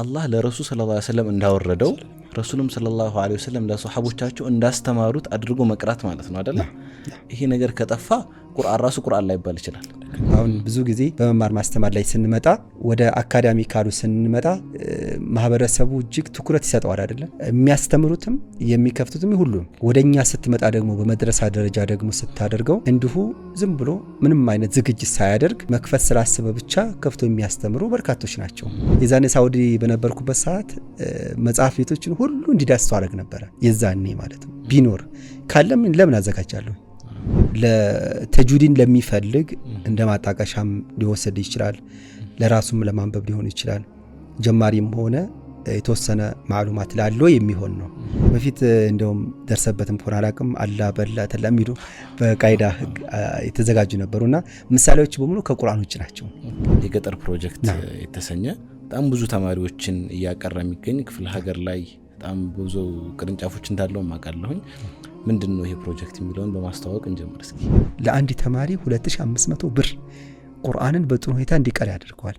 አላህ ለረሱል ሰለላሁ ዐለይሂ ወሰለም እንዳወረደው ረሱልም ሰለላሁ ዐለይሂ ወሰለም ለሰሓቦቻቸው እንዳስተማሩት አድርጎ መቅራት ማለት ነው አደለ? ይሄ ነገር ከጠፋ ቁርአን ራሱ ቁርአን ላይባል ይችላል። አሁን ብዙ ጊዜ በመማር ማስተማር ላይ ስንመጣ ወደ አካዳሚ ካሉ ስንመጣ ማህበረሰቡ እጅግ ትኩረት ይሰጠዋል አይደለም? የሚያስተምሩትም የሚከፍቱትም ሁሉም። ወደ እኛ ስትመጣ ደግሞ በመድረሳ ደረጃ ደግሞ ስታደርገው እንዲሁ ዝም ብሎ ምንም አይነት ዝግጅት ሳያደርግ መክፈት ስላስበ ብቻ ከፍቶ የሚያስተምሩ በርካቶች ናቸው። የዛኔ ሳውዲ በነበርኩበት ሰዓት መጽሐፍ ቤቶችን ሁሉ እንዲዳስሰው አደረግ ነበረ። የዛኔ ማለት ነው ቢኖር ካለም ለምን አዘጋጃለሁ። ለተጁዲን ለሚፈልግ እንደ ማጣቀሻም ሊወሰድ ይችላል። ለራሱም ለማንበብ ሊሆን ይችላል። ጀማሪም ሆነ የተወሰነ ማዕሉማት ላለው የሚሆን ነው። በፊት እንደውም ደርሰበትም ሆን አላቅም አላ በላ ተላ የሚሉ በቃይዳ ህግ የተዘጋጁ ነበሩ እና ምሳሌዎች በሙሉ ከቁርአን ውጭ ናቸው። የገጠር ፕሮጀክት የተሰኘ በጣም ብዙ ተማሪዎችን እያቀረ የሚገኝ ክፍለ ሀገር ላይ በጣም ብዙ ቅርንጫፎች እንዳለው አውቃለሁኝ። ምንድን ነው ይሄ ፕሮጀክት የሚለውን በማስተዋወቅ እንጀምር እስኪ። ለአንድ ተማሪ 2500 ብር ቁርአንን በጥሩ ሁኔታ እንዲቀር ያደርገዋል።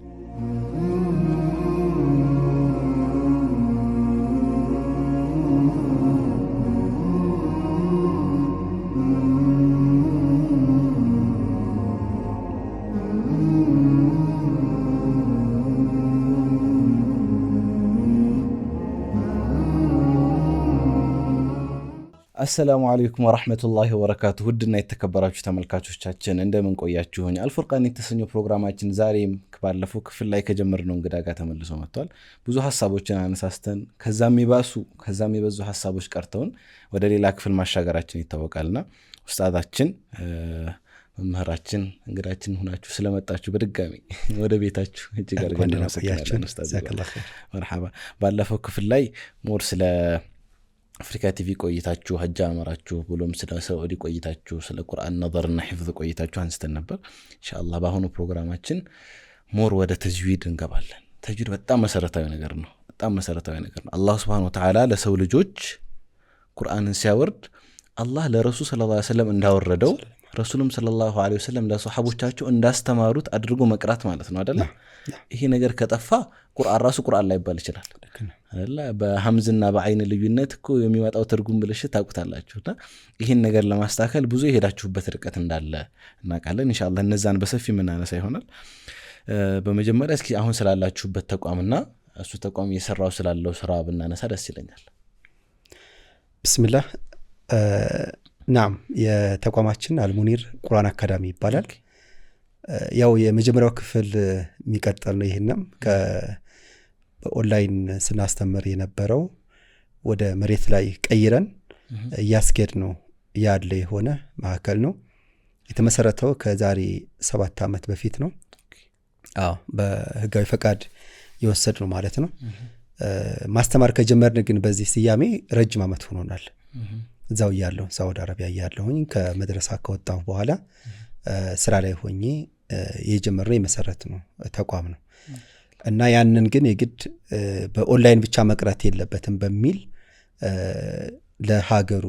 አሰላሙ አለይኩም ወራህመቱላሂ ወበረካቱ ውድና የተከበራችሁ ተመልካቾቻችን እንደምን ቆያችሁኝ? አልፉርቃን የተሰኘው ፕሮግራማችን ዛሬም ባለፈው ክፍል ላይ ከጀመርነው እንግዳ ጋር ተመልሶ መጥቷል። ብዙ ሀሳቦችን አነሳስተን ከዛም የባሱ ከዛም የበዙ ሀሳቦች ቀርተውን ወደ ሌላ ክፍል ማሻገራችን ይታወቃልና ውስጣታችን መምህራችን እንግዳችን ሆናችሁ ስለመጣችሁ በድጋሚ ወደ ቤታችሁ እጅግ አድርገን እናመሰግናለን። መርሓባ ባለፈው ክፍል ላይ ሞር ስለ አፍሪካ ቲቪ ቆይታችሁ ሀጃ አመራችሁ ብሎም ስለ ሰዑዲ ቆይታችሁ ስለ ቁርአን ነዘርና ሒፍዝ ቆይታችሁ አንስተን ነበር። እንሻላ በአሁኑ ፕሮግራማችን ሞር ወደ ተጅዊድ እንገባለን። ተጅዊድ በጣም መሰረታዊ ነገር ነው። በጣም መሰረታዊ ነገር ነው። አላህ ስብሐነሁ ወተዓላ ለሰው ልጆች ቁርአንን ሲያወርድ አላህ ለረሱል ሰለላሁ ዐለይሂ ወሰለም እንዳወረደው ረሱሉም ሰለላሁ ዐለይሂ ወሰለም ለሰሓቦቻቸው እንዳስተማሩት አድርጎ መቅራት ማለት ነው አይደለም ይሄ ነገር ከጠፋ ቁርአን ራሱ ቁርአን ላይባል ይችላል። በሀምዝና በአይን ልዩነት እኮ የሚመጣው ትርጉም ብልሽት ታውቁታላችሁ። እና ይህን ነገር ለማስተካከል ብዙ የሄዳችሁበት ርቀት እንዳለ እናውቃለን። እንሻላ እነዛን በሰፊ የምናነሳ ይሆናል። በመጀመሪያ እስኪ አሁን ስላላችሁበት ተቋምና እሱ ተቋም እየሰራው ስላለው ስራ ብናነሳ ደስ ይለኛል። ብስምላህ ናም የተቋማችን አልሙኒር ቁርአን አካዳሚ ይባላል። ያው የመጀመሪያው ክፍል የሚቀጥል ነው። ይህንም በኦንላይን ስናስተምር የነበረው ወደ መሬት ላይ ቀይረን እያስኬድ ነው ያለ የሆነ ማዕከል ነው። የተመሰረተው ከዛሬ ሰባት ዓመት በፊት ነው። አዎ በህጋዊ ፈቃድ የወሰድ ነው ማለት ነው። ማስተማር ከጀመርን ግን በዚህ ስያሜ ረጅም ዓመት ሆኖናል። እዛው እያለሁ ሳውዲ አረቢያ እያለሁኝ ከመድረሳ ከወጣሁ በኋላ ስራ ላይ ሆኜ የጀመርነው የመሰረት ነው ተቋም ነው እና ያንን ግን የግድ በኦንላይን ብቻ መቅረት የለበትም በሚል ለሀገሩ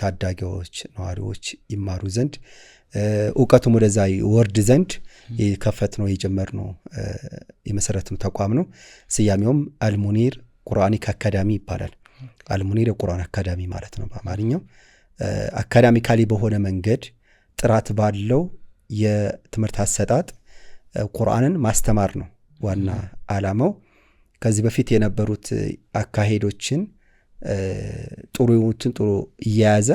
ታዳጊዎች ነዋሪዎች ይማሩ ዘንድ እውቀቱም ወደዛ ወርድ ዘንድ የከፈትነው የጀመርነው የመሰረትነው ተቋም ነው። ስያሜውም አልሙኒር ቁርአኒክ አካዳሚ ይባላል። አልሙኒር የቁርአን አካዳሚ ማለት ነው በአማርኛው። አካዳሚካሊ በሆነ መንገድ ጥራት ባለው የትምህርት አሰጣጥ ቁርአንን ማስተማር ነው ዋና ዓላማው። ከዚህ በፊት የነበሩት አካሄዶችን ጥሩ የሆኑትን ጥሩ እየያዘ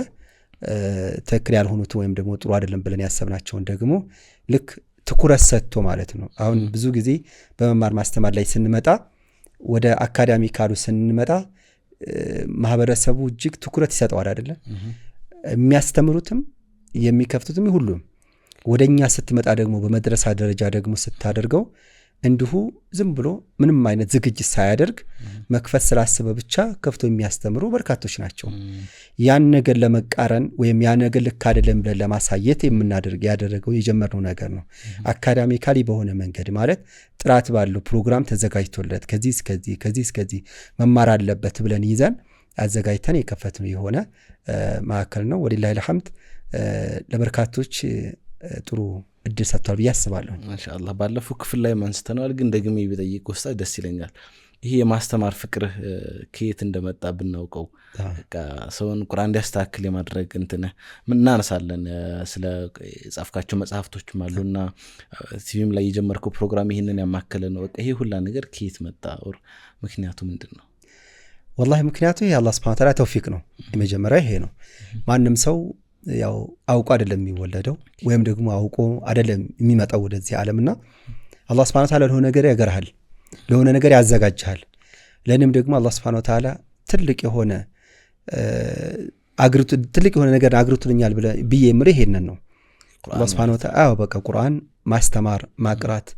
ትክክል ያልሆኑትን ወይም ደግሞ ጥሩ አይደለም ብለን ያሰብናቸውን ደግሞ ልክ ትኩረት ሰጥቶ ማለት ነው። አሁን ብዙ ጊዜ በመማር ማስተማር ላይ ስንመጣ ወደ አካዳሚ ካሉ ስንመጣ ማህበረሰቡ እጅግ ትኩረት ይሰጠዋል አይደለም የሚያስተምሩትም የሚከፍቱትም ሁሉም ወደ እኛ ስትመጣ ደግሞ በመድረሳ ደረጃ ደግሞ ስታደርገው እንዲሁ ዝም ብሎ ምንም አይነት ዝግጅት ሳያደርግ መክፈት ስላስበ ብቻ ከፍቶ የሚያስተምሩ በርካቶች ናቸው። ያን ነገር ለመቃረን ወይም ያን ነገር ልክ አይደለም ብለን ለማሳየት የምናደርግ ያደረገው የጀመርነው ነገር ነው። አካዳሚካሊ በሆነ መንገድ ማለት ጥራት ባለው ፕሮግራም ተዘጋጅቶለት ከዚህ እስከዚህ ከዚህ እስከዚህ መማር አለበት ብለን ይዘን አዘጋጅተን የከፈትነው የሆነ ማዕከል ነው። ወሊላሂል ሐምድ ለበርካቶች ጥሩ እድል ሰጥቷል ብዬ አስባለሁ። ማሻአላህ ባለፈው ክፍል ላይ አንስተነዋል፣ ግን ደግሜ ቢጠይቅ ውስጣ ደስ ይለኛል። ይህ የማስተማር ፍቅርህ ከየት እንደመጣ ብናውቀው ሰውን ቁርአን እንዲያስተካክል የማድረግ እንትን እናነሳለን። ስለ ጻፍካቸው መጽሐፍቶችም አሉና ቲቪም ላይ የጀመርከው ፕሮግራም ይህንን ያማከለ ነው። በቃ ይሄ ሁላ ነገር ከየት መጣ? ር ምክንያቱ ምንድን ነው? ወላሂ ምክንያቱ የአላህ ሱብሓነሁ ወተዓላ ተውፊቅ ነው። የመጀመሪያ ይሄ ነው። ማንም ሰው ያው አውቆ አይደለም የሚወለደው ወይም ደግሞ አውቆ አይደለም የሚመጣው ወደዚህ ዓለም እና አላህ ስብሐነ ወተዓላ ለሆነ ነገር ያገርሃል፣ ለሆነ ነገር ያዘጋጅሃል። ለእኔም ደግሞ አላህ ስብሐነ ወተዓላ ትልቅ የሆነ አግርቱ ትልቅ የሆነ ነገር አግርቱልኛል ብዬ የምልህ ይሄንን ነው። አላህ ስብሐነ ወተዓላ በቃ ቁርአን ማስተማር ማቅራት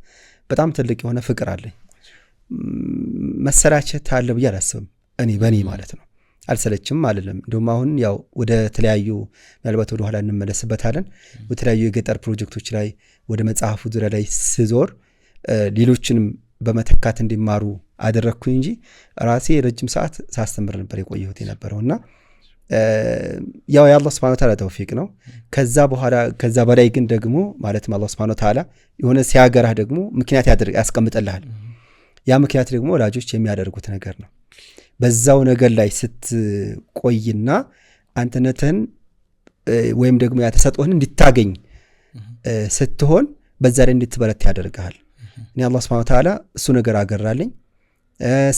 በጣም ትልቅ የሆነ ፍቅር አለኝ። መሰላቸት አለ ብዬ አላስብም፣ እኔ በእኔ ማለት ነው አልሰለችም አልልም። እንዲሁም አሁን ያው ወደ ተለያዩ ምናልባት ኋላ እንመለስበታለን በተለያዩ የገጠር ፕሮጀክቶች ላይ ወደ መጽሐፉ ዙሪያ ላይ ስዞር ሌሎችንም በመተካት እንዲማሩ አደረግኩኝ እንጂ ራሴ ረጅም ሰዓት ሳስተምር ነበር የቆየሁት የነበረው እና ያው የአላህ ስብሐነ ወተዓላ ተውፊቅ ነው። ከዛ በኋላ ከዛ በላይ ግን ደግሞ ማለትም አላህ ስብሐነ ወተዓላ የሆነ ሲያገራህ ደግሞ ምክንያት ያስቀምጠልሃል። ያ ምክንያት ደግሞ ወላጆች የሚያደርጉት ነገር ነው። በዛው ነገር ላይ ስትቆይና አንተነትህን ወይም ደግሞ ያተሰጥህን እንድታገኝ ስትሆን በዛ ላይ እንድትበረት ያደርግሃል። እኔ አላህ ሱብሓነሁ ወተዓላ እሱ ነገር አገራልኝ።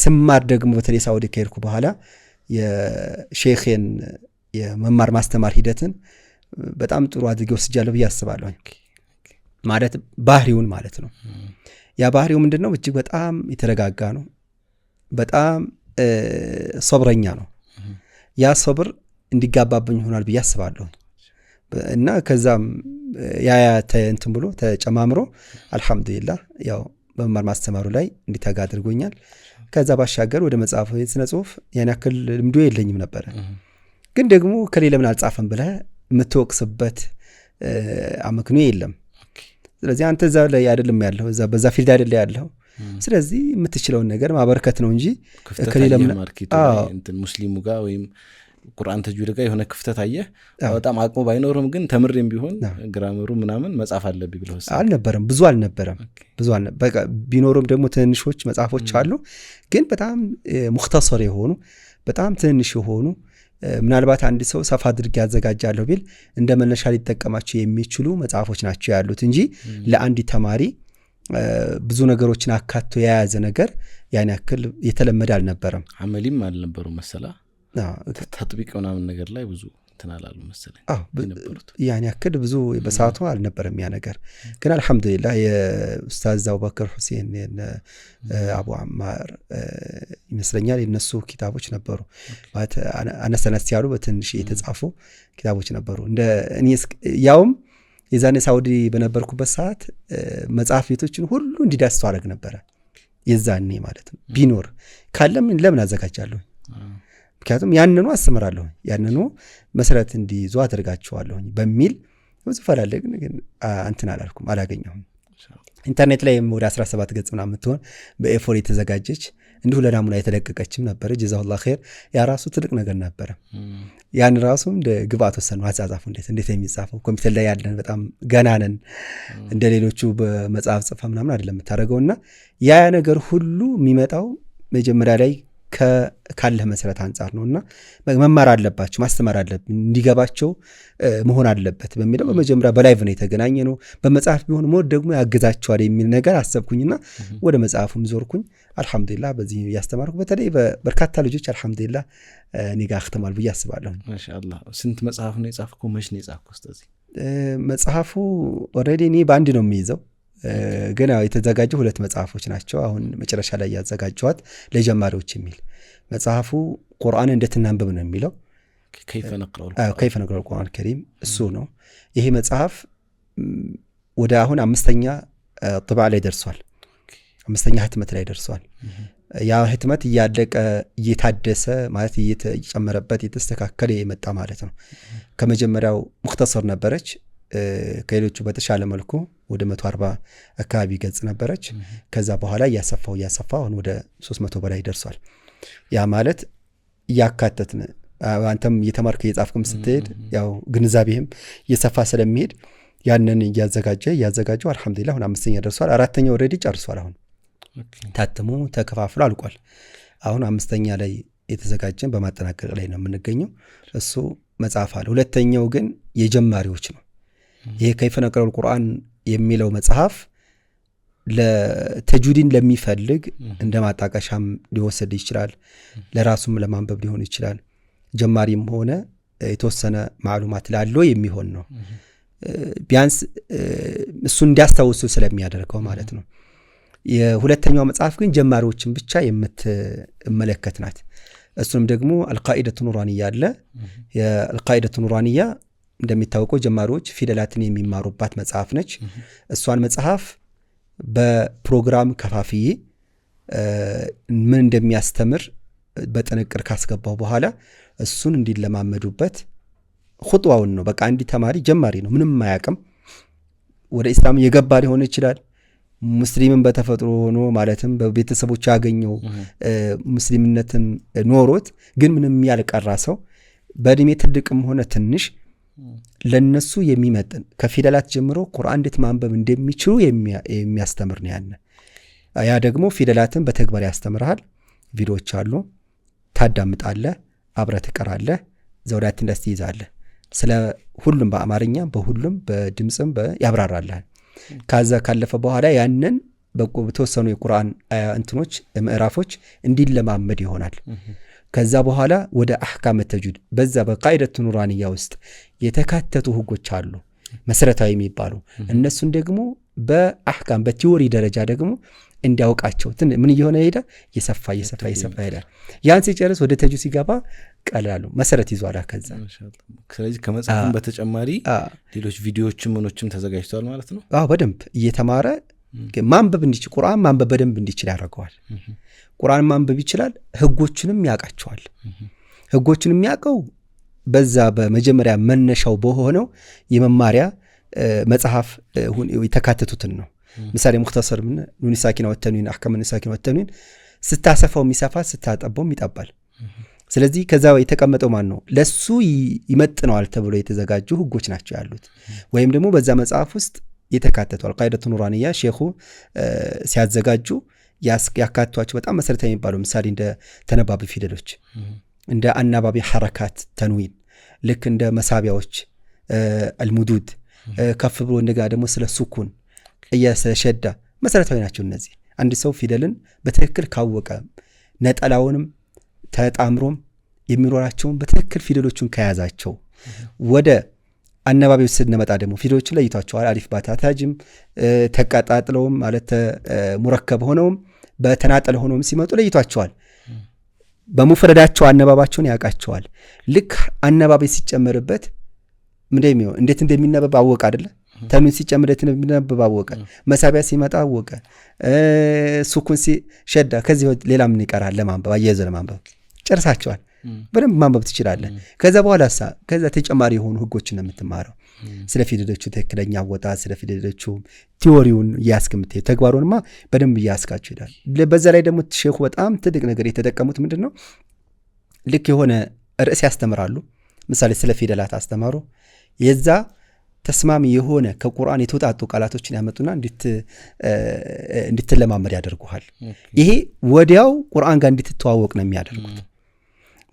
ስማር ደግሞ በተለይ ሳውዲ ከሄድኩ በኋላ የሼኬን የመማር ማስተማር ሂደትን በጣም ጥሩ አድርጌ ወስጃለሁ ብዬ አስባለሁ። ማለት ባህሪውን ማለት ነው። ያ ባህሪው ምንድን ነው? እጅግ በጣም የተረጋጋ ነው። በጣም ሶብረኛ ነው። ያ ሶብር እንዲጋባብኝ ይሆናል ብዬ አስባለሁ እና ከዛም ያያ እንትን ብሎ ተጨማምሮ አልሐምዱሊላህ ያው በመማር ማስተማሩ ላይ እንዲተጋ አድርጎኛል። ከዛ ባሻገር ወደ መጽሐፍ ስነ ጽሁፍ ያን ያክል ልምዶ የለኝም ነበረ። ግን ደግሞ ከሌለ ምን አልጻፈም ብለ የምትወቅስበት አመክንዮ የለም። ስለዚህ አንተ እዛ ላይ አይደለም ያለው፣ በዛ ፊልድ አይደለ ያለው ስለዚህ የምትችለውን ነገር ማበርከት ነው እንጂ ሙስሊሙ ጋር ወይም ቁርአን ተጅዊድ ጋር የሆነ ክፍተት አየህ። በጣም አቅሙ ባይኖርም ግን ተምሬም ቢሆን ግራመሩ ምናምን መጻፍ አለብኝ ብሎ አልነበረም። ብዙ አልነበረም፣ ብዙ ቢኖሩም ደግሞ ትንንሾች መጽሐፎች አሉ። ግን በጣም ሙክተሰር የሆኑ በጣም ትንንሽ የሆኑ ምናልባት አንድ ሰው ሰፋ አድርጌ ያዘጋጃለሁ ቢል እንደ መነሻ ሊጠቀማቸው የሚችሉ መጽሐፎች ናቸው ያሉት እንጂ ለአንድ ተማሪ ብዙ ነገሮችን አካቶ የያዘ ነገር ያን ያክል የተለመደ አልነበረም። አመሊም አልነበሩ መሰላ ተጥቢቅ ምናምን ነገር ላይ ብዙ ትናላሉ መሰለኝ ያን ያክል ብዙ በሰዓቱ አልነበረም ያ ነገር። ግን አልሐምዱሊላ የኡስታዝ አቡበክር ሁሴን አቡ አማር ይመስለኛል የነሱ ኪታቦች ነበሩ። አነስ አነስ ያሉ በትንሽ የተጻፉ ኪታቦች ነበሩ እንደ ያውም የዛኔ ሳውዲ በነበርኩበት ሰዓት መጽሐፍ ቤቶችን ሁሉ እንዲዳስሰው አደረግ ነበረ። የዛኔ ማለት ነው ቢኖር ካለም ለምን አዘጋጃለሁ። ምክንያቱም ያንኑ አስተምራለሁ፣ ያንኑ መሰረት እንዲይዙ አደርጋቸዋለሁ በሚል ብዙ ፈላልግ ግን እንትን አላልኩም፣ አላገኘሁም። ኢንተርኔት ላይ ወደ 17 ገጽ ምናምን የምትሆን በኤፎር የተዘጋጀች እንዲሁ ለናሙና የተለቀቀችም ነበረ። ጀዛሁላ ኸይር። ያ ራሱ ትልቅ ነገር ነበረ። ያን ራሱ እንደ ግብአት ወሰኑ ነው። አጻጻፉ እንዴት እንዴት የሚጻፈው ኮምፒውተር ላይ ያለን በጣም ገናነን እንደ ሌሎቹ በመጽሐፍ ጽፋ ምናምን አይደለም የምታደርገው እና ያ ነገር ሁሉ የሚመጣው መጀመሪያ ላይ ካለህ መሰረት አንጻር ነው እና መማር አለባቸው፣ ማስተማር አለብን፣ እንዲገባቸው መሆን አለበት በሚለው በመጀመሪያ በላይቭ ነው የተገናኘ ነው። በመጽሐፍ ቢሆን ሞት ደግሞ ያግዛቸዋል የሚል ነገር አሰብኩኝና ወደ መጽሐፉም ዞርኩኝ። አልሐምዱላ በዚህ እያስተማርኩ በተለይ በርካታ ልጆች አልሐምዱላ እኔ ጋር አክተማል ብዬ አስባለሁ። ስንት መጽሐፍ ነው የጻፍኩ? መች ነው የጻፍኩ? መጽሐፉ ኦልሬዲ እኔ በአንድ ነው የሚይዘው ግን ያው የተዘጋጁ ሁለት መጽሐፎች ናቸው። አሁን መጨረሻ ላይ ያዘጋጀዋት ለጀማሪዎች የሚል መጽሐፉ ቁርአን እንደትናንብብ ነው የሚለው ከይፈ ነቅረል ቁርአን ከሪም እሱ ነው። ይሄ መጽሐፍ ወደ አሁን አምስተኛ ጥባ ላይ ደርሷል። አምስተኛ ህትመት ላይ ደርሷል። ያ ህትመት እያለቀ እየታደሰ ማለት እየተጨመረበት እየተስተካከለ የመጣ ማለት ነው። ከመጀመሪያው ሙክተሰር ነበረች ከሌሎቹ በተሻለ መልኩ ወደ 140 አካባቢ ገጽ ነበረች። ከዛ በኋላ እያሰፋው እያሰፋ አሁን ወደ 300 በላይ ደርሷል። ያ ማለት እያካተትን አንተም እየተማርክ እየጻፍክም ስትሄድ ያው ግንዛቤህም እየሰፋ ስለሚሄድ ያንን እያዘጋጀ እያዘጋጀው አልሐምዱሊላህ አሁን አምስተኛ ደርሷል። አራተኛው ኦልሬዲ ጨርሷል። አሁን ታትሞ ተከፋፍሎ አልቋል። አሁን አምስተኛ ላይ የተዘጋጀን በማጠናቀቅ ላይ ነው የምንገኘው። እሱ መጽሐፍ አለ። ሁለተኛው ግን የጀማሪዎች ነው። ይሄ ከይፈ ነቅረል ቁርአን የሚለው መጽሐፍ ለተጁዲን ለሚፈልግ እንደ ማጣቀሻም ሊወሰድ ይችላል። ለራሱም ለማንበብ ሊሆን ይችላል። ጀማሪም ሆነ የተወሰነ ማዕሉማት ላለው የሚሆን ነው። ቢያንስ እሱ እንዲያስታውሱ ስለሚያደርገው ማለት ነው። የሁለተኛው መጽሐፍ ግን ጀማሪዎችን ብቻ የምትመለከት ናት። እሱንም ደግሞ አልቃኢደቱ ኑራንያ አለ። የአልቃኢደቱ ኑራንያ እንደሚታወቀው ጀማሪዎች ፊደላትን የሚማሩባት መጽሐፍ ነች። እሷን መጽሐፍ በፕሮግራም ከፋፍዬ ምን እንደሚያስተምር በጥንቅር ካስገባው በኋላ እሱን እንዲለማመዱበት ሁጥዋውን ነው። በቃ አንዲ ተማሪ ጀማሪ ነው፣ ምንም አያውቅም። ወደ ኢስላም የገባ ሊሆን ይችላል። ሙስሊምን በተፈጥሮ ሆኖ ማለትም በቤተሰቦች ያገኘው ሙስሊምነትን ኖሮት ግን ምንም ያልቀራ ሰው በእድሜ ትልቅም ሆነ ትንሽ ለነሱ የሚመጥን ከፊደላት ጀምሮ ቁርአን እንዴት ማንበብ እንደሚችሉ የሚያስተምር ነው። ያን ያ ደግሞ ፊደላትን በተግባር ያስተምርሃል። ቪዲዮዎች አሉ፣ ታዳምጣለህ፣ አብረህ ትቀራለህ፣ ዘውዳት እንደስ ትይዛለህ። ስለ ሁሉም በአማርኛ በሁሉም በድምፅም ያብራራልሃል። ከዛ ካለፈ በኋላ ያንን በተወሰኑ የቁርአን እንትኖች ምዕራፎች እንዲለማመድ ይሆናል። ከዛ በኋላ ወደ አሕካመ ተጁድ በዛ በቃይደት ኑራንያ ውስጥ የተካተቱ ህጎች አሉ መሰረታዊ የሚባሉ እነሱን ደግሞ በአህካም በቲዎሪ ደረጃ ደግሞ እንዲያውቃቸው ምን እየሆነ ይሄዳል? እየሰፋ እየሰፋ እየሰፋ ይሄዳል። ያን ሲጨርስ ወደ ተጁ ሲገባ ቀላሉ መሰረት ይዟል። ከዛ ስለዚህ ከመጽሐፍም በተጨማሪ ሌሎች ቪዲዮዎችም ምኖችም ተዘጋጅተዋል ማለት ነው። አዎ በደንብ እየተማረ ማንበብ እንዲችል ቁርአን ማንበብ በደንብ እንዲችል ያደርገዋል። ቁርአን ማንበብ ይችላል። ህጎችንም ያውቃቸዋል። ህጎችን የሚያውቀው በዛ በመጀመሪያ መነሻው በሆነው የመማሪያ መጽሐፍ የተካተቱትን ነው። ምሳሌ ሙክተሰር ምን ኑን ወተኑን ወተንዊን አሕካም ወተኑን ሳኪና ወተንዊን ስታሰፋው የሚሰፋል፣ ስታጠበውም ይጠባል። ስለዚህ ከዛ የተቀመጠው ማን ነው ለሱ ይመጥነዋል ተብሎ የተዘጋጁ ህጎች ናቸው ያሉት ወይም ደግሞ በዛ መጽሐፍ ውስጥ የተካተቷል። ቃይደቱ ኑራንያ ሼኹ ሲያዘጋጁ ያካትቷቸው በጣም መሰረታዊ የሚባለው ምሳሌ እንደ ተነባቢ ፊደሎች እንደ አናባቢ ሐረካት ተንዊን ልክ እንደ መሳቢያዎች አልሙዱድ ከፍ ብሎ እንደገና ደግሞ ስለ ሱኩን ቅያ መሰረታዊ ናቸው። እነዚህ አንድ ሰው ፊደልን በትክክል ካወቀ ነጠላውንም ተጣምሮም የሚኖራቸውን በትክክል ፊደሎቹን ከያዛቸው ወደ አነባቢው ስንመጣ ደግሞ ፊደሎችን ለይቷቸዋል። አሊፍ ባታታጅም ተቀጣጥለውም ማለት ሙረከብ ሆነውም በተናጠል ሆነውም ሲመጡ ለይቷቸዋል። በሙፍረዳቸው አነባባቸውን ያውቃቸዋል። ልክ አነባቢ ሲጨመርበት እንዴት እንደሚነበብ አወቀ አደለ? ተሚን ሲጨምር እንዴት እንደሚነበብ አወቀ። መሳቢያ ሲመጣ አወቀ። ሱኩን ሲሸዳ፣ ከዚህ ሌላ ምን ይቀራል ለማንበብ? አያይዞ ለማንበብ ጨርሳቸዋል። በደንብ ማንበብ ትችላለህ። ከዛ በኋላ ሳ ከዛ ተጨማሪ የሆኑ ህጎችን ነው የምትማረው። ስለ ፊደሎቹ ትክክለኛ አወጣት፣ ስለ ፊደሎቹ ቲዎሪውን እያስገምት ተግባሩንማ በደንብ እያስቃችሁ ይሄዳል። በዛ ላይ ደግሞ ሼኹ በጣም ትልቅ ነገር የተጠቀሙት ምንድን ነው? ልክ የሆነ ርዕስ ያስተምራሉ። ምሳሌ ስለ ፊደላት አስተማሩ። የዛ ተስማሚ የሆነ ከቁርአን የተውጣጡ ቃላቶችን ያመጡና እንድትለማመድ ያደርጉሃል። ይሄ ወዲያው ቁርአን ጋር እንድትተዋወቅ ነው የሚያደርጉት።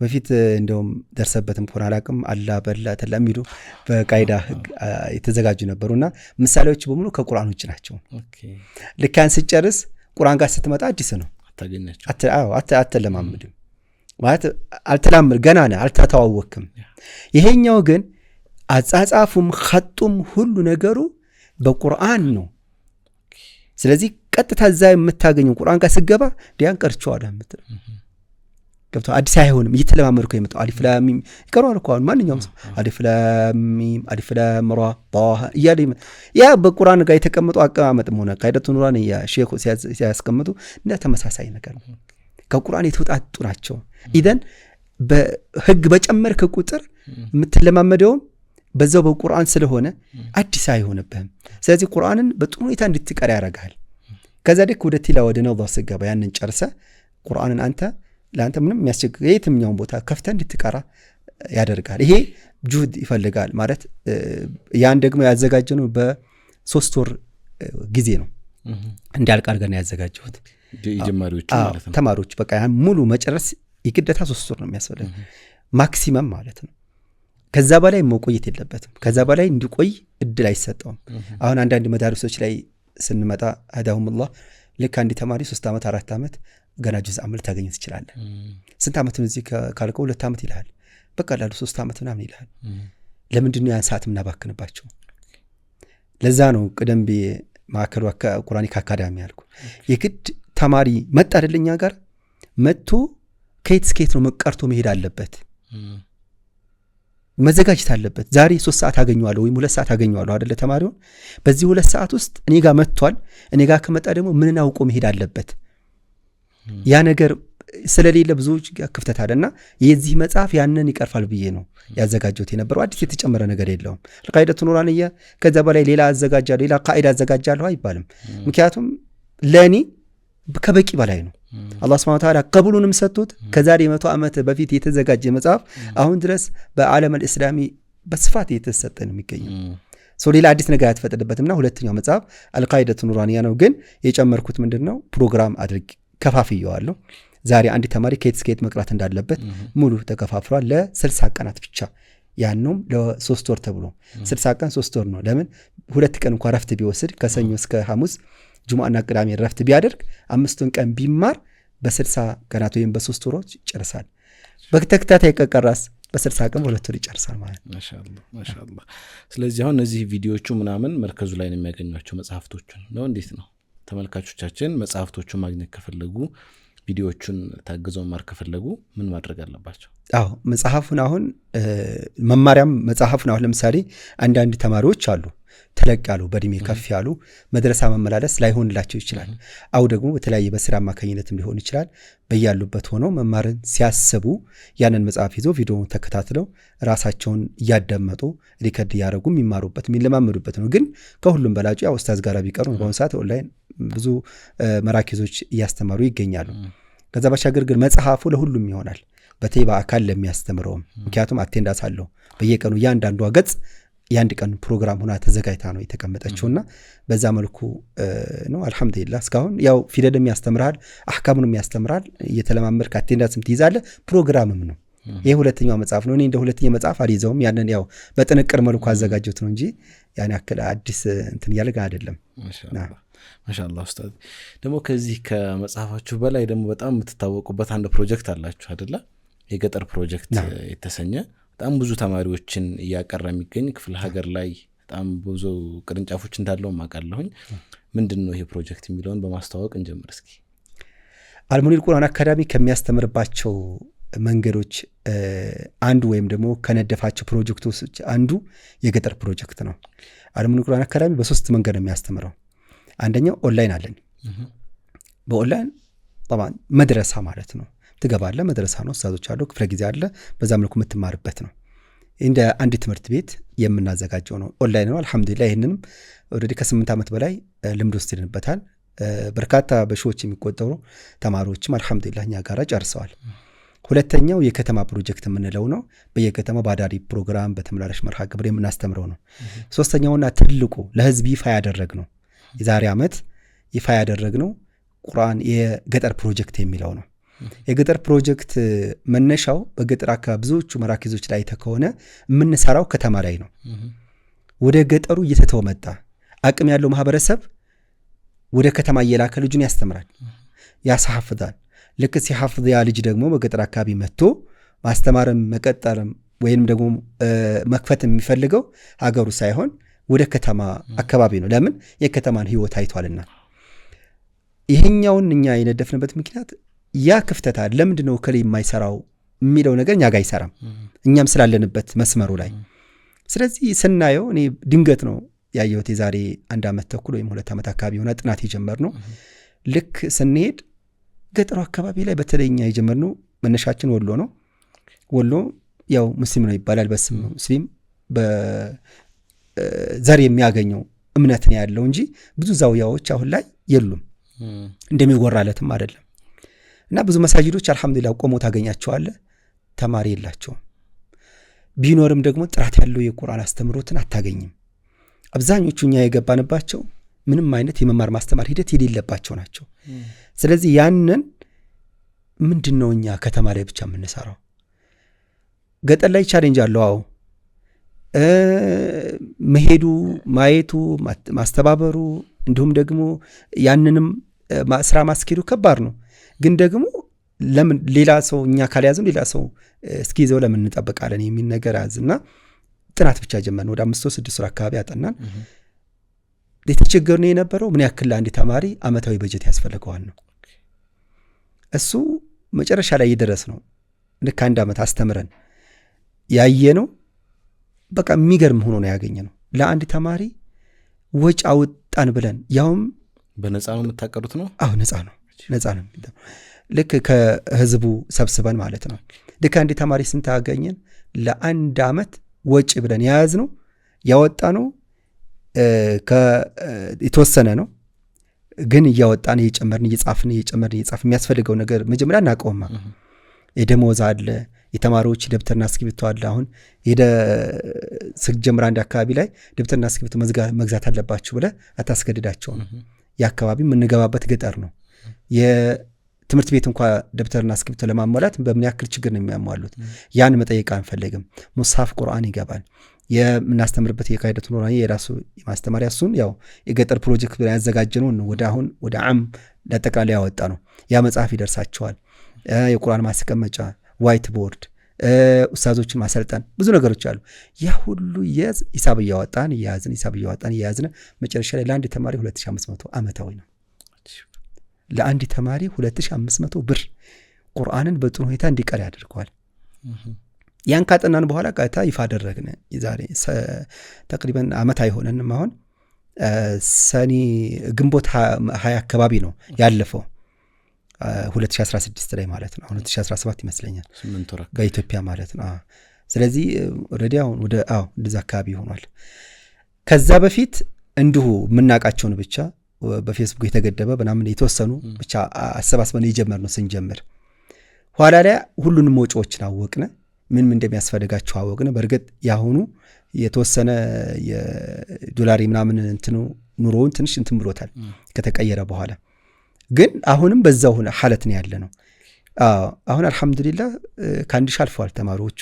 በፊት እንደውም ደርሰበትም ከሆነ አላቅም አላ በላ ተላ የሚሉ በቃይዳ ህግ የተዘጋጁ ነበሩ እና ምሳሌዎች በሙሉ ከቁርአን ውጭ ናቸው። ልካን ስጨርስ ቁርአን ጋር ስትመጣ አዲስ ነው፣ አተለማምድም ማለት አልተላምድ ገና ነህ፣ አልተተዋወክም። ይሄኛው ግን አጻጻፉም ከጡም ሁሉ ነገሩ በቁርአን ነው። ስለዚህ ቀጥታ እዛ የምታገኘው ቁርአን ጋር ስገባ ዲያን ቀርቸዋል ምትል ገብተው አዲስ አይሆንም እየተለማመድኩ እኮ የመጣው አሊፍ ላሚም ይቀረዋል እኮ አሁን ማንኛውም ሰው አሊፍ ላሚም ባዋሀ ላምሯ ባሃ እያለ ያ በቁራን ጋር የተቀመጡ አቀማመጥ ሆነ ካይደቱ ኑራን ሼኹ ሲያስቀምጡ እንደ ተመሳሳይ ነገር ነው። ከቁርአን የተውጣጡ ናቸው። ኢደን በህግ በጨመርክ ቁጥር የምትለማመደውም በዛው በቁርአን ስለሆነ አዲስ አይሆንብህም። ስለዚህ ቁርአንን በጥሩ ሁኔታ እንድትቀር ያደርግሃል። ከዛ ደክ ወደ ቲላ ወደ ነው ስገባ ያንን ጨርሰ ቁርአንን አንተ ለአንተ ምንም የሚያስቸግር የትኛውን ቦታ ከፍተ እንድትቀራ ያደርጋል። ይሄ ጁድ ይፈልጋል ማለት ያን ደግሞ ያዘጋጀነው በሶስት ወር ጊዜ ነው እንዳልቅ አድርገን ያዘጋጀሁት ተማሪዎች በቃ ያን ሙሉ መጨረስ የግደታ ሶስት ወር ነው የሚያስፈልግ ማክሲመም ማለት ነው። ከዛ በላይ መቆየት የለበትም። ከዛ በላይ እንዲቆይ እድል አይሰጠውም። አሁን አንዳንድ መዳሪሶች ላይ ስንመጣ ሀዳሁሙላህ ልክ አንድ ተማሪ ሶስት ዓመት አራት ዓመት ገና ጁዝ አመል ታገኝ ትችላለ ስንት ዓመት እዚህ ካልቀ ሁለት ዓመት ይልሃል። ላሉ ሶስት ዓመት ምናምን ይልሃል። ለምንድን ያን ሰዓት የምናባክንባቸው? ለዛ ነው ቅደም ቤ ማዕከሉ ቁራኒክ አካዳሚ ያልኩ። የግድ ተማሪ መጣ አደለኛ ጋር መጥቶ ከየት እስከየት ነው መቀርቶ መሄድ አለበት፣ መዘጋጀት አለበት። ዛሬ ሶስት ሰዓት አገኘዋለሁ ወይም ሁለት ሰዓት አገኘዋለሁ አደለ? ተማሪውን በዚህ ሁለት ሰዓት ውስጥ እኔ ጋር መጥቷል። እኔ ጋር ከመጣ ደግሞ ምንን አውቆ መሄድ አለበት ያ ነገር ስለሌለ ብዙዎች ክፍተት አለና የዚህ መጽሐፍ ያንን ይቀርፋል ብዬ ነው ያዘጋጀሁት የነበረው። አዲስ የተጨመረ ነገር የለውም። አልቃይደቱ ኑራንያ ከዛ በላይ ሌላ አዘጋጃለሁ ሌላ ቃኢዳ አዘጋጃለሁ አይባልም። ምክንያቱም ለእኔ ከበቂ በላይ ነው። አላህ ስብሐነ ወተዓላ ቀብሉንም ሰጥቶት ከዛሬ መቶ ዓመት በፊት የተዘጋጀ መጽሐፍ አሁን ድረስ በዓለም አልእስላሚ በስፋት የተሰጠ ነው የሚገኘው። ሰው ሌላ አዲስ ነገር አያትፈጥድበትምና ሁለተኛው መጽሐፍ አልቃይደቱ ኑራንያ ነው። ግን የጨመርኩት ምንድን ነው ፕሮግራም አድርግ ከፋፍየዋለሁ። ዛሬ አንድ ተማሪ ከየት እስከ የት መቅራት እንዳለበት ሙሉ ተከፋፍሏል ለስልሳ ቀናት ብቻ ያንም ለሶስት ወር ተብሎ ስልሳ ቀን ሶስት ወር ነው። ለምን ሁለት ቀን እንኳ ረፍት ቢወስድ ከሰኞ እስከ ሐሙስ ጁማና ቅዳሜ ረፍት ቢያደርግ አምስቱን ቀን ቢማር በስልሳ ቀናት ወይም በሶስት ወሮች ይጨርሳል። በተከታታይ ቀቀራስ በስልሳ ቀን በሁለት ወር ይጨርሳል ማለት ነው። ማሻአላህ። ስለዚህ አሁን እነዚህ ቪዲዮቹ ምናምን መርከዙ ላይ ነው የሚያገኟቸው መጽሐፍቶቹን ነው እንዴት ነው? ተመልካቾቻችን መጽሐፍቶቹን ማግኘት ከፈለጉ ቪዲዮዎቹን ታግዘው መማር ከፈለጉ ምን ማድረግ አለባቸው? አዎ መጽሐፉን አሁን መማሪያም መጽሐፉን አሁን ለምሳሌ አንዳንድ ተማሪዎች አሉ ተለቅ ያሉ በእድሜ ከፍ ያሉ መድረሳ መመላለስ ላይሆንላቸው ይችላል። አው ደግሞ በተለያየ በስራ አማካኝነትም ሊሆን ይችላል። በያሉበት ሆነው መማርን ሲያስቡ ያንን መጽሐፍ ይዞ ቪዲዮውን ተከታትለው ራሳቸውን እያዳመጡ ሪከርድ እያደረጉ የሚማሩበት የሚለማመዱበት ነው። ግን ከሁሉም በላጩ ያው ኡስታዝ ጋር ቢቀሩ በአሁኑ ሰዓት ኦንላይን ብዙ መራኬዞች እያስተማሩ ይገኛሉ። ከዛ ባሻገር ግን መጽሐፉ ለሁሉም ይሆናል። በተይ በአካል ለሚያስተምረውም ምክንያቱም አቴንዳ አለው። በየቀኑ እያንዳንዷ ገጽ የአንድ ቀን ፕሮግራም ሆና ተዘጋጅታ ነው የተቀመጠችውና በዛ መልኩ ነው። አልሐምዱሊላ እስካሁን ያው ፊደልም ያስተምርሃል፣ የሚያስተምርል ያስተምርሃል። እየተለማመድክ አቴንዳንስም ትይዛለህ፣ ፕሮግራምም ነው። ይህ ሁለተኛው መጽሐፍ ነው። እኔ እንደ ሁለተኛ መጽሐፍ አልይዘውም። ያንን ያው በጥንቅር መልኩ አዘጋጀት ነው እንጂ ያን ያክል አዲስ እንትን እያደረገ አይደለም። ማሻላ ኡስታዝ፣ ደግሞ ከዚህ ከመጽሐፋችሁ በላይ ደግሞ በጣም የምትታወቁበት አንድ ፕሮጀክት አላችሁ አደለ? የገጠር ፕሮጀክት የተሰኘ በጣም ብዙ ተማሪዎችን እያቀረ የሚገኝ ክፍለ ሀገር ላይ በጣም ብዙ ቅርንጫፎች እንዳለው ማቃለሁኝ ምንድን ነው ይሄ ፕሮጀክት የሚለውን በማስተዋወቅ እንጀምር እስኪ። አልሙኒል ቁርአን አካዳሚ ከሚያስተምርባቸው መንገዶች አንዱ ወይም ደግሞ ከነደፋቸው ፕሮጀክቶች አንዱ የገጠር ፕሮጀክት ነው። አልሙኒል ቁርአን አካዳሚ በሶስት መንገድ ነው የሚያስተምረው። አንደኛው ኦንላይን አለን። በኦንላይን መድረሳ ማለት ነው ትገባለ፣ መድረሳ ነው፣ እሳዞች አሉ፣ ክፍለ ጊዜ አለ። በዛ መልኩ የምትማርበት ነው። እንደ አንድ ትምህርት ቤት የምናዘጋጀው ነው። ኦንላይን ነው። አልሐምዱሊላ ይህንንም ኦልሬዲ ከስምንት ዓመት በላይ ልምድ ወስድንበታል። በርካታ በሺዎች የሚቆጠሩ ተማሪዎችም አልሐምዱሊላ እኛ ጋራ ጨርሰዋል። ሁለተኛው የከተማ ፕሮጀክት የምንለው ነው። በየከተማው በአዳሪ ፕሮግራም በተመላላሽ መርሃ ግብር የምናስተምረው ነው። ሶስተኛውና ትልቁ ለህዝብ ይፋ ያደረግ ነው የዛሬ ዓመት ይፋ ያደረግ ነው ቁርአን የገጠር ፕሮጀክት የሚለው ነው። የገጠር ፕሮጀክት መነሻው በገጠር አካባቢ ብዙዎቹ መራኪዞች ላይ ከሆነ የምንሰራው ከተማ ላይ ነው። ወደ ገጠሩ እየተተወ መጣ። አቅም ያለው ማህበረሰብ ወደ ከተማ እየላከ ልጁን ያስተምራል፣ ያሳሐፍዛል። ልክ ሲሐፍዝ ያ ልጅ ደግሞ በገጠር አካባቢ መጥቶ ማስተማርም መቀጠርም ወይም ደግሞ መክፈት የሚፈልገው ሀገሩ ሳይሆን ወደ ከተማ አካባቢ ነው። ለምን? የከተማን ህይወት አይቷልና። ይህኛውን እኛ የነደፍንበት ምክንያት ያ ክፍተታ ለምንድ ነው እከሌ የማይሰራው የሚለው ነገር እኛ ጋር አይሰራም፣ እኛም ስላለንበት መስመሩ ላይ። ስለዚህ ስናየው እኔ ድንገት ነው ያየሁት የዛሬ አንድ ዓመት ተኩል ወይም ሁለት ዓመት አካባቢ የሆነ ጥናት የጀመርነው ልክ ስንሄድ ገጠሩ አካባቢ ላይ በተለይ እኛ የጀመርነው መነሻችን ወሎ ነው። ወሎ ያው ሙስሊም ነው ይባላል፣ በስም ሙስሊም በዘር የሚያገኘው እምነት ነው ያለው እንጂ ብዙ ዛውያዎች አሁን ላይ የሉም፣ እንደሚወራለትም አይደለም። እና ብዙ መሳጅዶች አልሐምዱሊላ ቆሞ ታገኛቸዋለ ተማሪ የላቸውም። ቢኖርም ደግሞ ጥራት ያለው የቁርአን አስተምሮትን አታገኝም። አብዛኞቹ እኛ የገባንባቸው ምንም አይነት የመማር ማስተማር ሂደት የሌለባቸው ናቸው። ስለዚህ ያንን ምንድን ነው እኛ ከተማ ላይ ብቻ የምንሰራው? ገጠር ላይ ቻሌንጅ አለው። አዎ መሄዱ፣ ማየቱ፣ ማስተባበሩ እንዲሁም ደግሞ ያንንም ስራ ማስኬዱ ከባድ ነው። ግን ደግሞ ለምን ሌላ ሰው እኛ ካልያዝም ሌላ ሰው እስኪይዘው ለምን እንጠብቃለን የሚል ነገር ያዝ እና ጥናት ብቻ ጀመርን። ወደ አምስት ወር ስድስት ወር አካባቢ ያጠናን። የተቸገርን የነበረው ምን ያክል ለአንድ ተማሪ አመታዊ በጀት ያስፈልገዋል ነው። እሱ መጨረሻ ላይ እየደረስ ነው። ልክ አንድ ዓመት አስተምረን ያየ ነው። በቃ የሚገርም ሆኖ ነው ያገኘ ነው። ለአንድ ተማሪ ወጪ አውጣን ብለን ያውም በነፃ ነው የምታቀዱት ነው። አዎ ነፃ ነው። ነጻ ነው። ልክ ከህዝቡ ሰብስበን ማለት ነው። ልክ አንድ ተማሪ ስንት አገኘን? ለአንድ ዓመት ወጪ ብለን የያዝነው ያወጣነው የተወሰነ ነው ግን እያወጣን እየጨመርን እየጻፍን እየጨመርን እየጻፍ የሚያስፈልገው ነገር መጀመሪያ እናቀውማ የደሞዝ አለ፣ የተማሪዎች ደብተርና እስክሪብቶ አለ። አሁን ሄደ ስጀምር አንድ አካባቢ ላይ ደብተርና እስክሪብቶ መግዛት አለባችሁ ብለ አታስገድዳቸው ነው። የአካባቢ የምንገባበት ገጠር ነው። የትምህርት ቤት እንኳ ደብተርና እስክሪብቶ ለማሟላት በምን ያክል ችግር ነው የሚያሟሉት? ያን መጠየቅ አንፈልግም። ሙሳፍ ቁርአን ይገባል። የምናስተምርበት የካሂደቱ ኑራኒ የራሱ ማስተማሪያ እሱን ያው የገጠር ፕሮጀክት ብለን ያዘጋጀነው ወደ አሁን ወደ አም ለጠቅላላ ያወጣ ነው። ያ መጽሐፍ ይደርሳቸዋል። የቁርአን ማስቀመጫ ዋይት ቦርድ ውሳዞችን ማሰልጠን ብዙ ነገሮች አሉ። ያ ሁሉ የዝ ሂሳብ እያወጣን እያያዝን ሂሳብ እያወጣን እያያዝን መጨረሻ ላይ ለአንድ ተማሪ 2500 ዓመታዊ ነው። ለአንድ ተማሪ 2500 ብር ቁርአንን በጥሩ ሁኔታ እንዲቀር ያደርገዋል። ያን ካጠናን በኋላ ቀጥታ ይፋ አደረግን። ዛሬ ተቅሪበን አመት አይሆነንም። አሁን ሰኔ ግንቦት ሀያ አካባቢ ነው ያለፈው 2016 ላይ ማለት ነው። 2017 ይመስለኛል በኢትዮጵያ ማለት ነው። ስለዚህ ረዲ አሁን ወደ አዎ እንደዛ አካባቢ ይሆኗል። ከዛ በፊት እንዲሁ የምናውቃቸውን ብቻ በፌስቡክ የተገደበ ምናምን የተወሰኑ ብቻ አሰባስበን የጀመርነው ስንጀምር ኋላ ላይ ሁሉንም ወጪዎችን አወቅነ፣ ምን ምን እንደሚያስፈልጋቸው አወቅነ። በእርግጥ ያሁኑ የተወሰነ የዶላሪ ምናምን እንትኑ ኑሮውን ትንሽ እንትን ብሎታል ከተቀየረ በኋላ ግን አሁንም በዛው ሀለት ነው ያለ ነው። አሁን አልሐምዱሊላ ከአንድ አልፈዋል ተማሪዎቹ።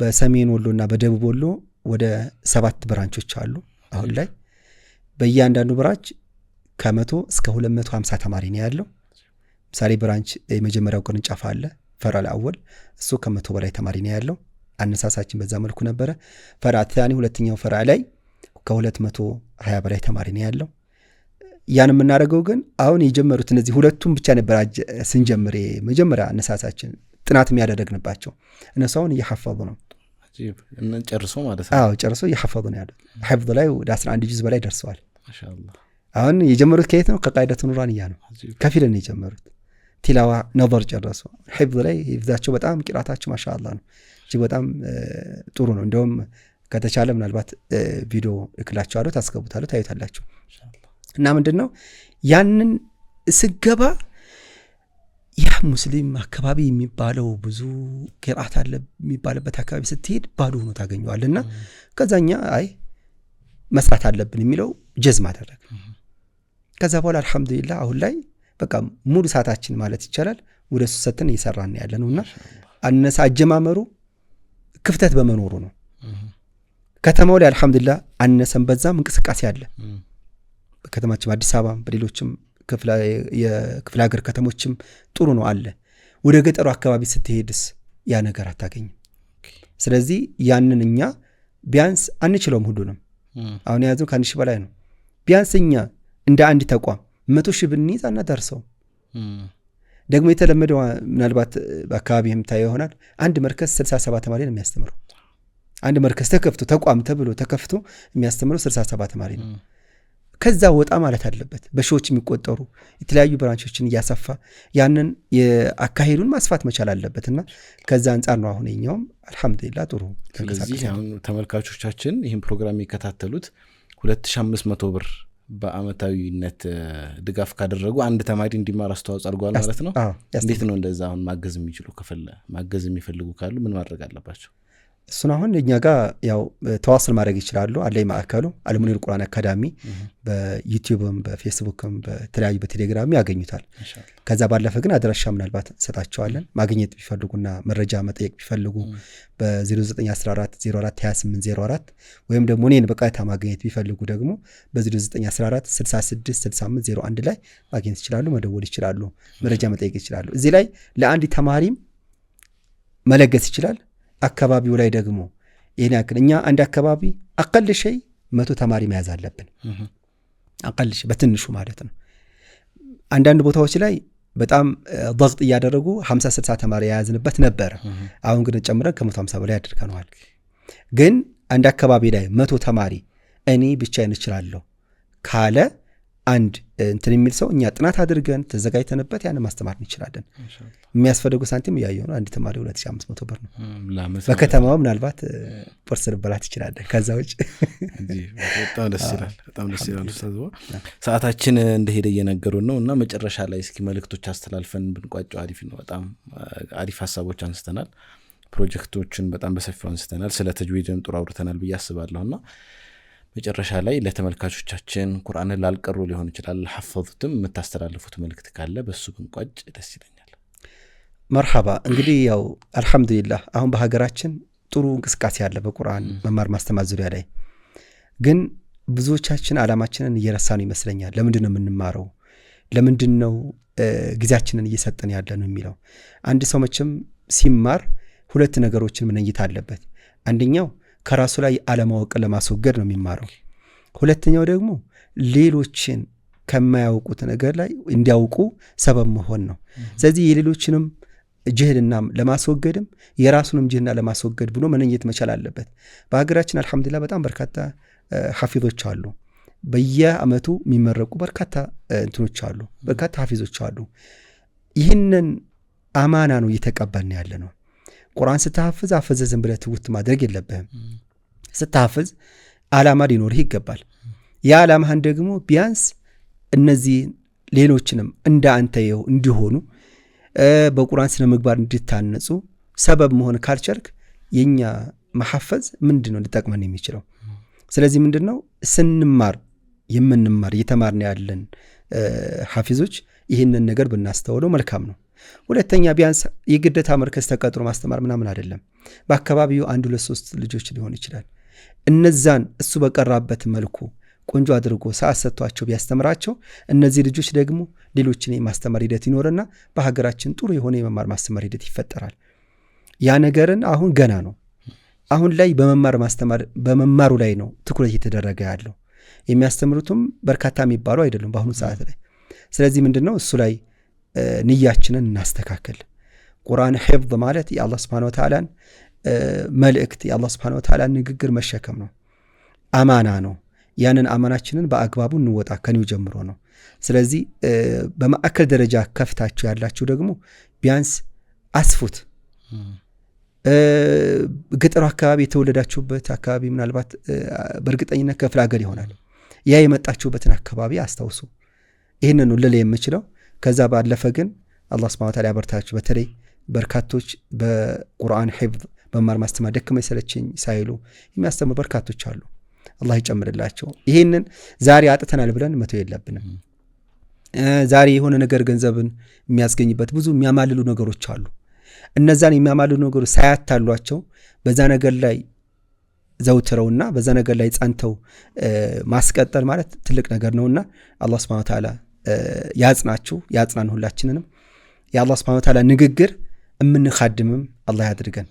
በሰሜን ወሎ እና በደቡብ ወሎ ወደ ሰባት ብራንቾች አሉ አሁን ላይ በእያንዳንዱ ብራንች ከመቶ እስከ 250 ተማሪ ነው ያለው። ምሳሌ ብራንች የመጀመሪያው ቅርንጫፍ አለ ፈራል አወል እሱ ከመቶ በላይ ተማሪ ነው ያለው። አነሳሳችን በዛ መልኩ ነበረ። ፈራ ታኒ ሁለተኛው ፈራ ላይ ከ220 በላይ ተማሪ ነው ያለው። ያን የምናደርገው ግን አሁን የጀመሩት እነዚህ ሁለቱም ብቻ ነበር ስንጀምር መጀመሪያ አነሳሳችን ጥናት የሚያደረግንባቸው እነሱ አሁን እየሐፈቡ ነው ጨርሶ ማለት ነው። ጨርሶ እየሐፈቡ ነው ያሉት ሐፍዝ ላይ ወደ 11 ጁዝ በላይ ደርሰዋል። አሁን የጀመሩት ከየት ነው? ከቃይደቱ ኑራንያ ነው። ከፊል ነው የጀመሩት። ቲላዋ ነበር ጨረሱ። ሒፍዝ ላይ ሒፍዛቸው በጣም ቂራታቸው ማሻላ ነው። እጅግ በጣም ጥሩ ነው። እንዲሁም ከተቻለ ምናልባት ቪዲዮ እክላቸዋለሁ፣ ታስገቡታለሁ፣ ታዩታላችሁ። እና ምንድን ነው ያንን ስገባ ያ ሙስሊም አካባቢ የሚባለው ብዙ ቂራት አለ የሚባልበት አካባቢ ስትሄድ ባዶ ሆኖ ታገኘዋል። እና ከዛኛ አይ መስራት አለብን የሚለው ጀዝም አደረግ። ከዛ በኋላ አልሐምዱሊላ አሁን ላይ በቃ ሙሉ ሰዓታችን ማለት ይቻላል ወደ እሱ ሰተን እየሰራን ያለ ነው እና አነሳ አጀማመሩ ክፍተት በመኖሩ ነው። ከተማው ላይ አልሐምዱሊላ አነሰን በዛም እንቅስቃሴ አለ። በከተማችን አዲስ አበባ በሌሎችም የክፍለ ሀገር ከተሞችም ጥሩ ነው አለ። ወደ ገጠሩ አካባቢ ስትሄድስ ያ ነገር አታገኝም። ስለዚህ ያንን እኛ ቢያንስ አንችለውም ሁሉንም አሁን የያዘው ከአንድ ሺህ በላይ ነው። ቢያንስ እኛ እንደ አንድ ተቋም መቶ ሺህ ብንይዝ አናደርሰው። ደግሞ የተለመደው ምናልባት በአካባቢ የምታየው ይሆናል። አንድ መርከዝ ስልሳ ሰባ ተማሪ ነው የሚያስተምረው። አንድ መርከዝ ተከፍቶ ተቋም ተብሎ ተከፍቶ የሚያስተምረው ስልሳ ሰባ ተማሪ ነው። ከዛ ወጣ ማለት አለበት። በሺዎች የሚቆጠሩ የተለያዩ ብራንቾችን እያሰፋ ያንን አካሄዱን ማስፋት መቻል አለበት እና ከዛ አንጻር ነው አሁን የኛውም አልሐምዱሊላ ጥሩ። ስለዚህ አሁን ተመልካቾቻችን ይህን ፕሮግራም የሚከታተሉት 2500 ብር በአመታዊነት ድጋፍ ካደረጉ አንድ ተማሪ እንዲማር አስተዋጽኦ አድርጓል ማለት ነው። እንዴት ነው እንደዛ አሁን ማገዝ የሚችሉ ክፍል ማገዝ የሚፈልጉ ካሉ ምን ማድረግ አለባቸው? እሱን አሁን እኛ ጋር ያው ተዋስል ማድረግ ይችላሉ። አለይ ማዕከሉ አልሙኒል ቁርአን አካዳሚ በዩቲዩብም በፌስቡክም በተለያዩ በቴሌግራም ያገኙታል። ከዛ ባለፈ ግን አድራሻ ምናልባት እንሰጣቸዋለን። ማግኘት ቢፈልጉና መረጃ መጠየቅ ቢፈልጉ በ0914042804 ወይም ደግሞ እኔን በቀጥታ ማግኘት ቢፈልጉ ደግሞ በ0914666501 ላይ ማግኘት ይችላሉ፣ መደወል ይችላሉ፣ መረጃ መጠየቅ ይችላሉ። እዚህ ላይ ለአንድ ተማሪም መለገስ ይችላል አካባቢው ላይ ደግሞ ይህን ያክል እኛ አንድ አካባቢ አቀል ሸይ መቶ ተማሪ መያዝ አለብን። አቀል በትንሹ ማለት ነው። አንዳንድ ቦታዎች ላይ በጣም ضغط እያደረጉ 50 60 ተማሪ የያዝንበት ነበረ። አሁን ግን ጨምረን ከ150 በላይ አድርገነዋል። ግን አንድ አካባቢ ላይ መቶ ተማሪ እኔ ብቻዬን እችላለሁ ካለ አንድ እንትን የሚል ሰው እኛ ጥናት አድርገን ተዘጋጅተንበት ያን ማስተማር እንችላለን። የሚያስፈልጉ ሳንቲም እያየው ነው። አንድ ተማሪ 2500 ብር ነው። በከተማው ምናልባት ቁርስ ልበላ ትችላለን። ከዛ ውጭ በጣም ደስ ይላል። በጣም ደስ ይላል። ሰዓታችን እንደሄደ እየነገሩን ነው እና መጨረሻ ላይ እስኪ መልእክቶች አስተላልፈን ብንቋጨው አሪፍ ነው። በጣም አሪፍ ሀሳቦች አንስተናል። ፕሮጀክቶችን በጣም በሰፊው አንስተናል። ስለ ተጅዊድም ጥሩ አውርተናል ብዬ አስባለሁ እና መጨረሻ ላይ ለተመልካቾቻችን ቁርአንን ላልቀሩ ሊሆን ይችላል ሐፈቱትም የምታስተላልፉት መልእክት ካለ በሱ ብንቋጭ ደስ ይለኛል። መርሓባ እንግዲህ ያው አልሐምዱሊላህ አሁን በሀገራችን ጥሩ እንቅስቃሴ አለ በቁርአን መማር ማስተማር ዙሪያ ላይ ግን ብዙዎቻችን አላማችንን ነው ይመስለኛል። ለምንድን ነው የምንማረው? ለምንድን ነው ጊዜያችንን እየሰጠን ያለ ነው የሚለው አንድ ሰው መቼም ሲማር ሁለት ነገሮችን መለየት አለበት። አንደኛው ከራሱ ላይ አለማወቅን ለማስወገድ ነው የሚማረው። ሁለተኛው ደግሞ ሌሎችን ከማያውቁት ነገር ላይ እንዲያውቁ ሰበብ መሆን ነው። ስለዚህ የሌሎችንም ጅህልና ለማስወገድም የራሱንም ጅህልና ለማስወገድ ብሎ መነኘት መቻል አለበት። በሀገራችን አልሐምዱሊላህ በጣም በርካታ ሐፊዞች አሉ። በየአመቱ የሚመረቁ በርካታ እንትኖች አሉ፣ በርካታ ሐፊዞች አሉ። ይህንን አማና ነው እየተቀበልን ያለ ነው። ቁርአን ስትሐፍዝ አፈዘ ዝም ብለህ ትውት ማድረግ የለብህም። ስትሐፍዝ አላማ ሊኖርህ ይገባል። አላማህን ደግሞ ቢያንስ እነዚህ ሌሎችንም እንደ አንተ ይኸው እንዲሆኑ በቁርአን ስነ ምግባር እንዲታነጹ ሰበብ መሆን ካልቸርክ የእኛ መሐፈዝ ምንድን ነው ሊጠቅመን የሚችለው? ስለዚህ ምንድን ነው ስንማር የምንማር እየተማርን ያለን ሐፊዞች ይህንን ነገር ብናስተውለው መልካም ነው። ሁለተኛ ቢያንስ የግደታ መርከዝ ተቀጥሮ ማስተማር ምናምን አይደለም። በአካባቢው አንድ ሁለት ሶስት ልጆች ሊሆን ይችላል። እነዛን እሱ በቀራበት መልኩ ቆንጆ አድርጎ ሰዓት ሰጥቷቸው ቢያስተምራቸው እነዚህ ልጆች ደግሞ ሌሎችን የማስተማር ሂደት ይኖርና በሀገራችን ጥሩ የሆነ የመማር ማስተማር ሂደት ይፈጠራል። ያ ነገርን አሁን ገና ነው። አሁን ላይ በመማር ማስተማር በመማሩ ላይ ነው ትኩረት እየተደረገ ያለው። የሚያስተምሩትም በርካታ የሚባሉ አይደሉም በአሁኑ ሰዓት ላይ። ስለዚህ ምንድን ነው እሱ ላይ ንያችንን እናስተካከል ቁርአን ሒፍዝ ማለት የአላህ ስብሓነ ወተዓላን መልእክት የአላህ ስብሓነ ወተዓላን ንግግር መሸከም ነው፣ አማና ነው። ያንን አማናችንን በአግባቡ እንወጣ ከኒው ጀምሮ ነው። ስለዚህ በማዕከል ደረጃ ከፍታችሁ ያላችሁ ደግሞ ቢያንስ አስፉት። ገጠሩ አካባቢ የተወለዳችሁበት አካባቢ ምናልባት በእርግጠኝነት ክፍለ ሀገር ይሆናል። ያ የመጣችሁበትን አካባቢ አስታውሱ። ይህንን ልል የምችለው ከዛ ባለፈ ግን አላህ ስብሐ ወተዓላ ያበርታችሁ። በተለይ በርካቶች በቁርአን ሒፍዝ መማር ማስተማር ደክመኝ ሰለቸኝ ሳይሉ የሚያስተምሩ በርካቶች አሉ። አላህ ይጨምርላቸው። ይሄንን ዛሬ አጥተናል ብለን መቶ የለብንም። ዛሬ የሆነ ነገር ገንዘብን የሚያስገኝበት ብዙ የሚያማልሉ ነገሮች አሉ። እነዛን የሚያማልሉ ነገሮች ሳያታሏቸው በዛ ነገር ላይ ዘውትረውና በዛ ነገር ላይ ጸንተው ማስቀጠል ማለት ትልቅ ነገር ነውና አላህ ስብሐ ወተዓላ ያጽናችሁ፣ ያጽናን ሁላችንንም። የአላህ ስብሐነሁ ወተዓላ ንግግር እምንካድምም አላህ ያድርገን።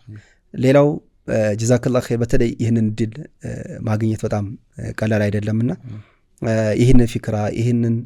ሌላው ጀዛከላህ ኸይር፣ በተለይ ይህንን እድል ማግኘት በጣም ቀላል አይደለምና ይህንን ፊክራ ይህንን